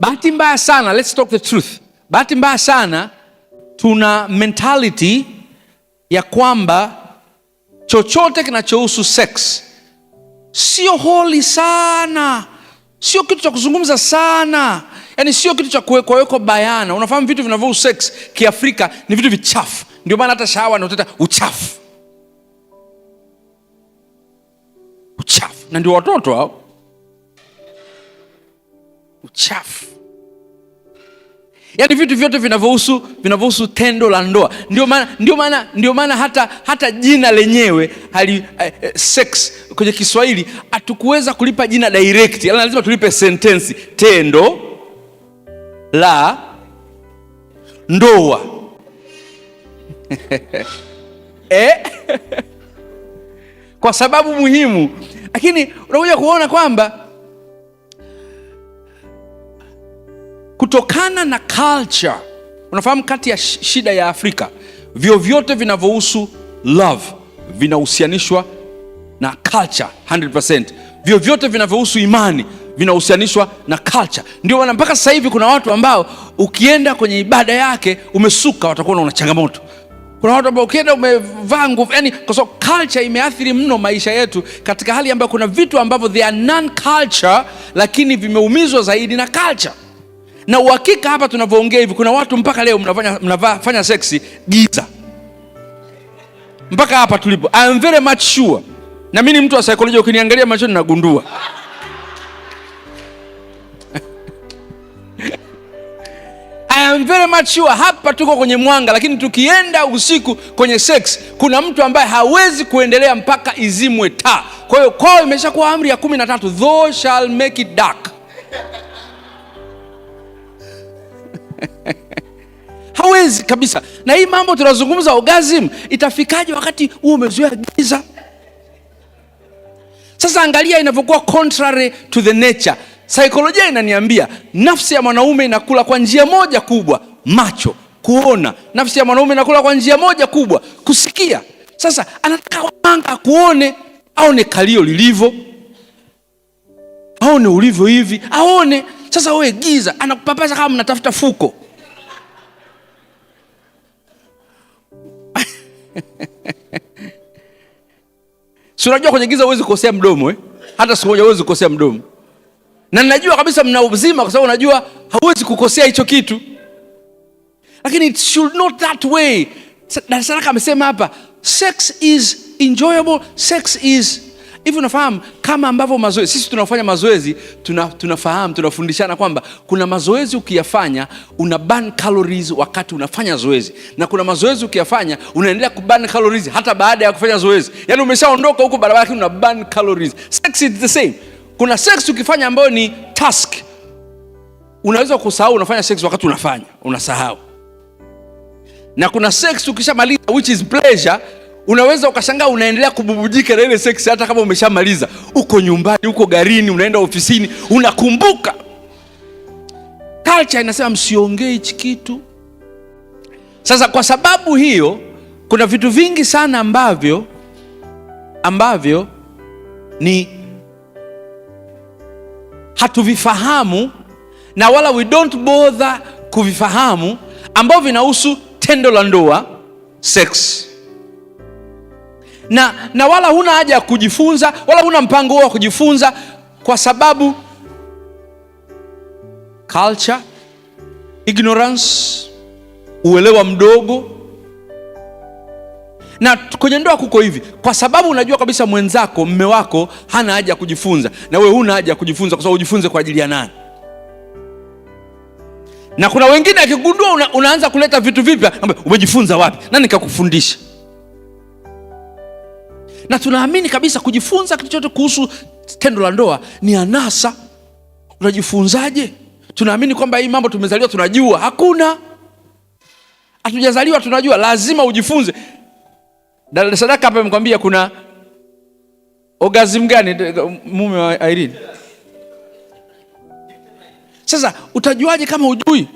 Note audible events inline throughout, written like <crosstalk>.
Bahati mbaya sana, let's talk the truth. Bahati mbaya sana tuna mentality ya kwamba chochote kinachohusu sex sio holi sana, sio kitu cha kuzungumza sana, yaani sio kitu cha kuwekwawekwa bayana. Unafahamu, vitu vinavyohusu sex kiafrika ni vitu vichafu, ndio maana hata shawa nauteta uchafu, uchafu na ndio watoto hao chafu, yaani vitu vyote vinavyohusu vinavyohusu tendo la ndoa. Ndio maana ndio maana ndio maana hata hata jina lenyewe hali uh, sex kwenye Kiswahili hatukuweza kulipa jina direct, yaani lazima tulipe sentensi, tendo la ndoa <laughs> eh? <laughs> kwa sababu muhimu, lakini unakuja kuona kwamba kutokana na culture. Unafahamu, kati ya shida ya Afrika, vyo vyote vinavyohusu love vinahusianishwa na culture 100%. Vyo vyote vinavyohusu imani vinahusianishwa na culture. Ndio maana mpaka sasa hivi kuna watu ambao ukienda kwenye ibada yake umesuka, watakuona una changamoto. Kuna watu ambao ukienda umevaa nguvu, yani kwa sababu culture imeathiri mno maisha yetu, katika hali ambayo kuna vitu ambavyo they are non culture, lakini vimeumizwa zaidi na culture na uhakika hapa tunavyoongea hivi kuna watu mpaka leo mnafanya, mnafanya seksi giza mpaka hapa tulipo. I am very much sure, na mimi ni mtu wa saikolojia, ukiniangalia macho nagundua I am very much sure hapa tuko kwenye mwanga, lakini tukienda usiku kwenye sex, kuna mtu ambaye hawezi kuendelea mpaka izimwe taa. Kwa hiyo kwao imeshakuwa amri ya kumi na tatu, thou shall make it dark <laughs> hawezi kabisa. Na hii mambo tunazungumza orgasm, itafikaje wakati huo umezoea giza? Sasa angalia inavyokuwa contrary to the nature. Saikolojia inaniambia nafsi ya mwanaume inakula kwa njia moja kubwa, macho kuona. Nafsi ya mwanaume inakula kwa njia moja kubwa, kusikia. Sasa anataka wanga akuone, aone kalio lilivyo, aone ulivyo hivi, aone sasa wewe giza, anakupapasa kama mnatafuta fuko <laughs> si unajua kwenye giza huwezi kukosea mdomo eh? Hata siku moja huwezi kukosea mdomo, na ninajua kabisa mna uzima, kwa sababu unajua hauwezi kukosea hicho kitu, lakini it should not that way. Darasaraka amesema hapa, sex is enjoyable, sex is Hivi unafahamu kama ambavyo mazoezi sisi tunafanya mazoezi tuna, tunafahamu tunafundishana kwamba kuna mazoezi ukiyafanya una burn calories wakati unafanya zoezi, na kuna mazoezi ukiyafanya unaendelea ku burn calories hata baada ya kufanya zoezi. Yaani umeshaondoka huko barabara, lakini una burn calories. Sex is the same. Kuna sex ukifanya ambayo ni task, unaweza kusahau unafanya sex wakati unafanya, unasahau. Na kuna sex ukishamaliza which is pleasure unaweza ukashangaa unaendelea kububujika na ile seksi hata kama umeshamaliza. Uko nyumbani, uko garini, unaenda ofisini, unakumbuka. Culture inasema msiongee hichi kitu. Sasa kwa sababu hiyo, kuna vitu vingi sana ambavyo ambavyo ni hatuvifahamu na wala we don't bother kuvifahamu, ambavyo vinahusu tendo la ndoa sex na, na wala huna haja ya kujifunza wala huna mpango huo wa kujifunza, kwa sababu culture, ignorance, uelewa mdogo. Na kwenye ndoa kuko hivi, kwa sababu unajua kabisa mwenzako, mme wako hana haja ya kujifunza na wewe huna haja ya kujifunza, kwa sababu ujifunze kwa ajili ya nani? Na kuna wengine akigundua una, unaanza kuleta vitu vipya, umejifunza wapi? Nani kakufundisha? na tunaamini kabisa kujifunza kitu chote kuhusu tendo la ndoa ni anasa. Unajifunzaje? Tunaamini kwamba hii mambo tumezaliwa tunajua. Hakuna, hatujazaliwa tunajua, lazima ujifunze. Dada Sadaka hapa amekwambia kuna orgasm gani mume wa Irene. Sasa utajuaje kama ujui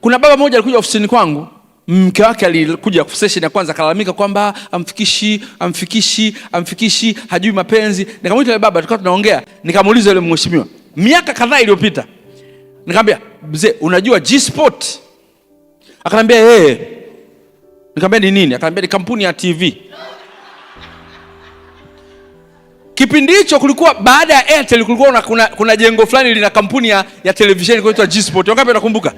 Kuna baba mmoja alikuja ofisini kwangu mke wake alikuja session ya kwanza akalalamika kwamba amfikishi amfikishi amfikishi, hajui mapenzi. Nikamwita baba, tukawa tunaongea, nikamuuliza yule mheshimiwa, miaka kadhaa iliyopita, nikamwambia mzee, unajua G Sport? akanambia yeye. Eh. Nikamwambia ni nini? akanambia ni kampuni ya TV. Kipindi hicho kulikuwa baada ya Airtel kulikuwa kuna, kuna jengo fulani lina kampuni ya, ya televisheni inaitwa G Sport. Wangapi nakumbuka?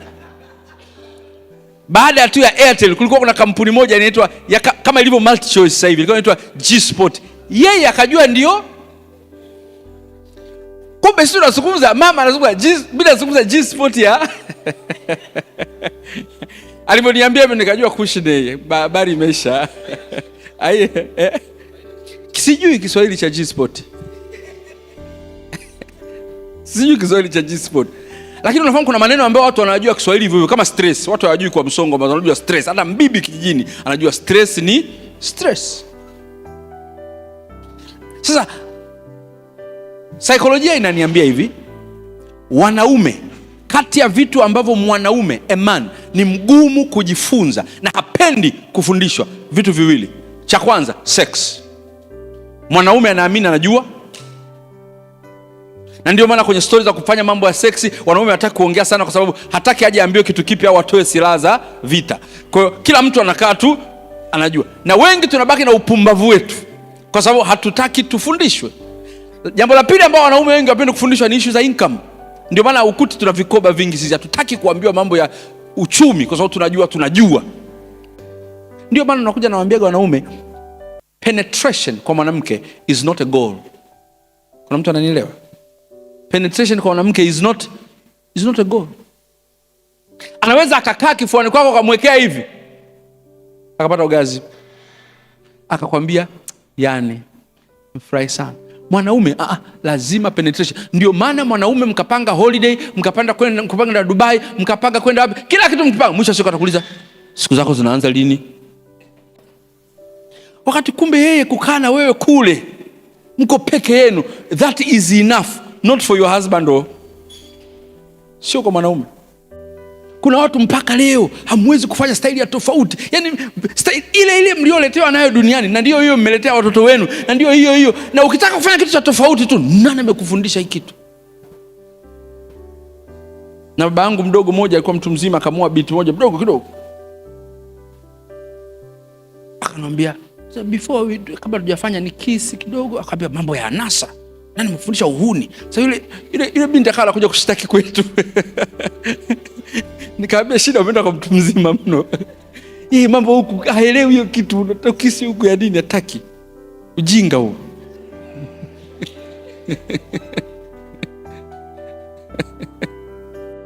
Baada ya tu ya Airtel kulikuwa kuna kampuni moja inaitwa kama ilivyo multi choice sasa hivi, ilikuwa inaitwa G-Sport. Yeye akajua ndio. Kumbe sio tunazungumza, mama anazungumza bila kuzungumza G-Sport ya <laughs> alivyoniambia mimi nikajua kushine, habari imeisha. <laughs> Eh, sijui Kiswahili cha G-Sport. <laughs> Sijui Kiswahili cha G-Sport. Lakini unafahamu kuna maneno ambayo watu wanajua Kiswahili hivyo kama stress. Watu hawajui kwa msongo, bado wanajua stress. Hata mbibi kijijini anajua stress ni stress. Sasa saikolojia inaniambia hivi, wanaume kati ya vitu ambavyo mwanaume eman ni mgumu kujifunza na hapendi kufundishwa vitu viwili. Cha kwanza sex. Mwanaume anaamini anajua na ndio maana kwenye stori za kufanya mambo ya seksi wanaume hataki kuongea sana, kwa sababu hataki aje aambiwe kitu kipya au atoe silaha za vita. Kwa hiyo kila mtu anakaa tu anajua, na wengi tunabaki na upumbavu wetu, kwa sababu hatutaki tufundishwe. Jambo la pili ambao wanaume wengi wapenda kufundishwa ni ishu za income. Ndio maana ukuti tuna vikoba vingi sisi, hatutaki kuambiwa mambo ya uchumi, kwa sababu tunajua tunajua. Ndio maana nakuja nawaambiaga wanaume, penetration kwa mwanamke is not a goal. Kuna mtu ananielewa? penetration kwa mwanamke is not, is not a goal. Anaweza akakaa kifuani kwako akamwekea hivi akapata ugazi akakwambia yani mfurahi sana mwanaume ah, ah, lazima penetration. Ndio maana mwanaume mkapanga holiday mkapanda kwenda mkapanga Dubai mkapanga kwenda wapi, kila kitu mkipanga, mwisho siku atakuuliza siku zako zinaanza lini? Wakati kumbe yeye kukaa na wewe kule mko peke yenu, that is enough not for your husband oh. Sio kwa mwanaume. Kuna watu mpaka leo hamwezi kufanya staili ya tofauti, yaani staili ile ile mlioletewa nayo duniani, na ndio hiyo mmeletea watoto wenu, na ndio hiyo hiyo. Na ukitaka kufanya kitu cha tofauti tu, nani amekufundisha hii kitu? Na baba yangu mdogo mmoja alikuwa mtu mzima, akamoa binti moja mdogo kidogo, akanambia before kabla tujafanya ni kisi kidogo, akaambia mambo ya anasa nani mfundisha uhuni? Sasa yule yule yule binti akawa anakuja kushtaki kwetu <laughs> nikaambia, shida umeenda kwa mtu mzima mno hii mambo huku haelewi hiyo kitu, unatokisi huku ya nini? Hataki ujinga huo <laughs>